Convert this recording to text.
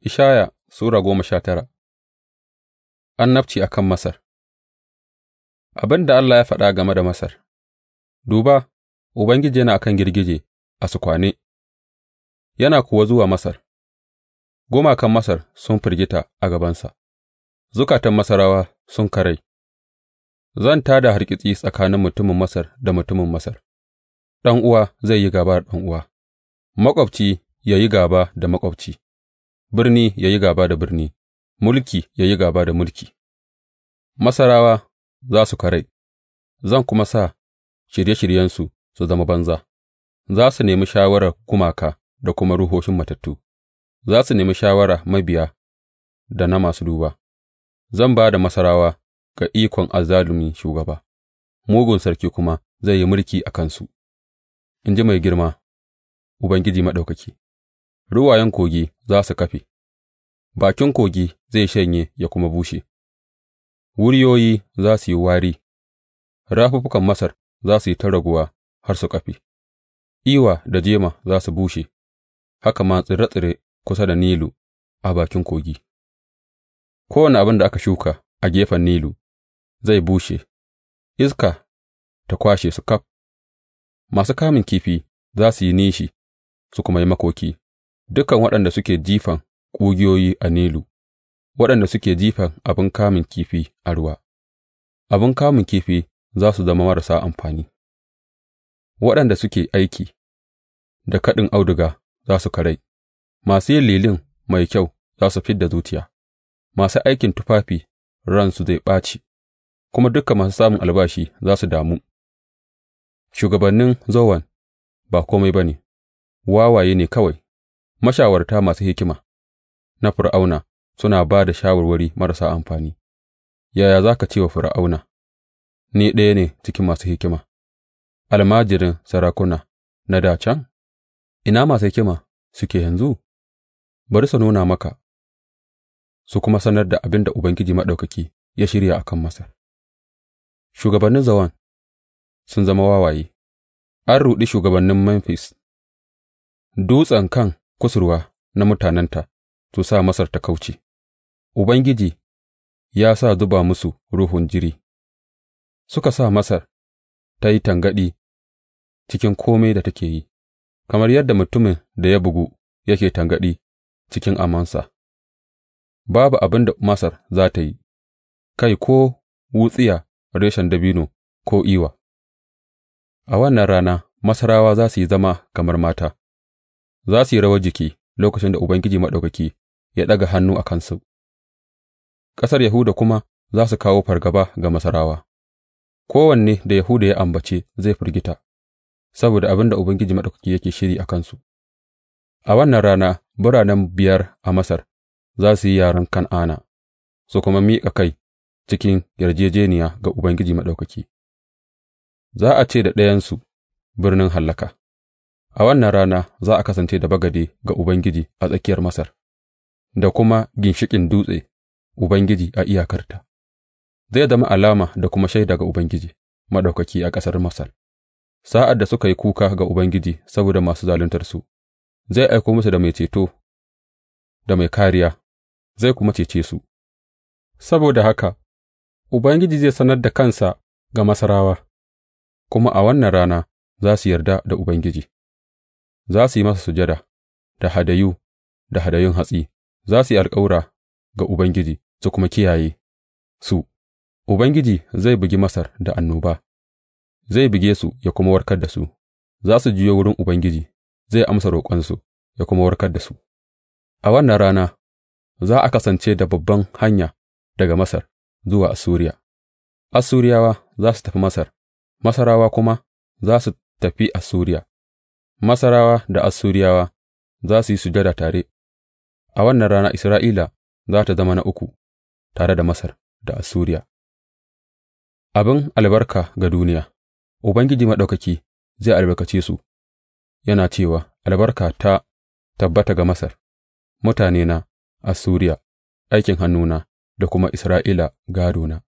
Ishaya Sura goma sha tara Annabci a kan Masar Abin da Allah ya faɗa game da Masar Duba, Ubangiji yana kan girgije a sukwane, yana kuwa zuwa Masar, gumakan Masar sun firgita a gabansa, zukatan Masarawa sun karai, zan tada da harkitsi tsakanin mutumin Masar da mutumin Masar, uwa zai yi gaba da uwa. maƙwabci ya yi gaba da maƙwabci. birni ya yi gāba da birni, mulki ya yi gāba da mulki, Masarawa za su karai, zan kuma sa shirye-shiryensu su zama banza, za su nemi shawarar kumaka da kuma ruhoshin matattu, za su nemi shawara mabiya da na masu duba, zan ba da Masarawa ga ikon azalumi shugaba, mugun sarki kuma zai yi mulki a kansu, in ji mai girma, Ubangiji Maɗaukaki. ruwayen kogi za su kafe, bakin kogi zai shanye ya kuma bushe, wuriyoyi za su yi wari, rafuffukan Masar za su yi ta raguwa har su kafe, iwa da jema za su bushe, haka ma tsire-tsire kusa da Nilu a bakin kogi. Kowane abin da aka shuka a gefen Nilu zai bushe, iska ta kwashe su kaf, masu kamun kifi za su yi nishi su kuma yi makoki dukan waɗanda suke jifan ƙugiyoyi a Nilu, waɗanda suke jifan abin kamun kifi a ruwa, abin kamun kifi za su zama marasa amfani, waɗanda suke aiki da kaɗin auduga za su karai, masu yin lilin mai kyau za su fid da zuciya, masu aikin tufafi ransu zai ɓaci, kuma dukan masu samun albashi za su damu. Shugabannin Zowan ba komai ba ne, wawaye ne kawai. mashawarta masu hikima na Fir'auna suna ba da shawarwari marasa amfani, yaya za ka ce wa Fir'auna, Ni ɗaya ne cikin masu hikima, almajirin sarakuna na da can? Ina masu hikima suke yanzu? Bari su nuna maka, su kuma sanar da abin da Ubangiji Maɗaukaki ya shirya a kan Masar. Shugabannin Zawan sun zama wawaye, an ruɗi shugabannin Memphis. dutsen kan kusurwa na mutanenta su sa Masar ta kauce, Ubangiji ya sa zuba musu ruhun jiri, suka sa Masar ta yi tangaɗi cikin kome da take yi, kamar yadda mutumin da ya bugu yake tangaɗi cikin amansa, babu abin da Masar za ta yi, kai ko wutsiya reshen dabino ko iwa. A wannan rana Masarawa za su yi zama kamar mata, za su yi rawar jiki lokacin da Ubangiji Maɗaukaki ya ɗaga hannu a kansu, ƙasar Yahuda kuma za su kawo fargaba ga Masarawa, kowanne da Yahuda ya ambace zai firgita, saboda abin da Ubangiji Maɗaukaki yake shiri a kansu. A wannan rana biranen biyar a Masar za su yi yaren Kan'ana, su kuma miƙa kai cikin yarjejeniya ga Ubangiji Maɗaukaki. Za a ce da ɗayansu birnin hallaka. A wannan rana za a kasance da bagade ga Ubangiji a tsakiyar Masar, da kuma ginshiƙin dutse Ubangiji a iyakarta, zai zama alama da kuma shaida ga Ubangiji Maɗaukaki a ƙasar Masar. Sa'ad da suka yi kuka ga Ubangiji saboda masu zaluntar su, zai aiko musu da mai ceto da mai kariya zai kuma cece su. Saboda haka, Ubangiji zai sanar da kansa ga Masarawa, kuma a wannan rana za su yarda da Ubangiji. za su yi masa sujada da hadayu da hadayun hatsi, za su yi alkawura ga Ubangiji su kuma kiyaye su, Ubangiji zai bugi Masar da annoba, zai buge su ya kuma warkar da su, za su juyo wurin Ubangiji, zai amsa roƙonsu ya kuma warkar da su. A wannan rana za a kasance da babban hanya daga Masar zuwa asuriya. Assuriyawa za su tafi Masar, Masarawa kuma za su tafi asuriya. Masarawa da Assuriyawa za su yi sujada tare, a wannan rana Isra'ila za ta zama na uku tare da Masar da Assuriya. Abin albarka ga duniya Ubangiji Maɗaukaki zai albarkace su, yana cewa, Albarka ta tabbata ga Masar, mutanena, Assuriya, aikin hannuna, da kuma Isra'ila gadona.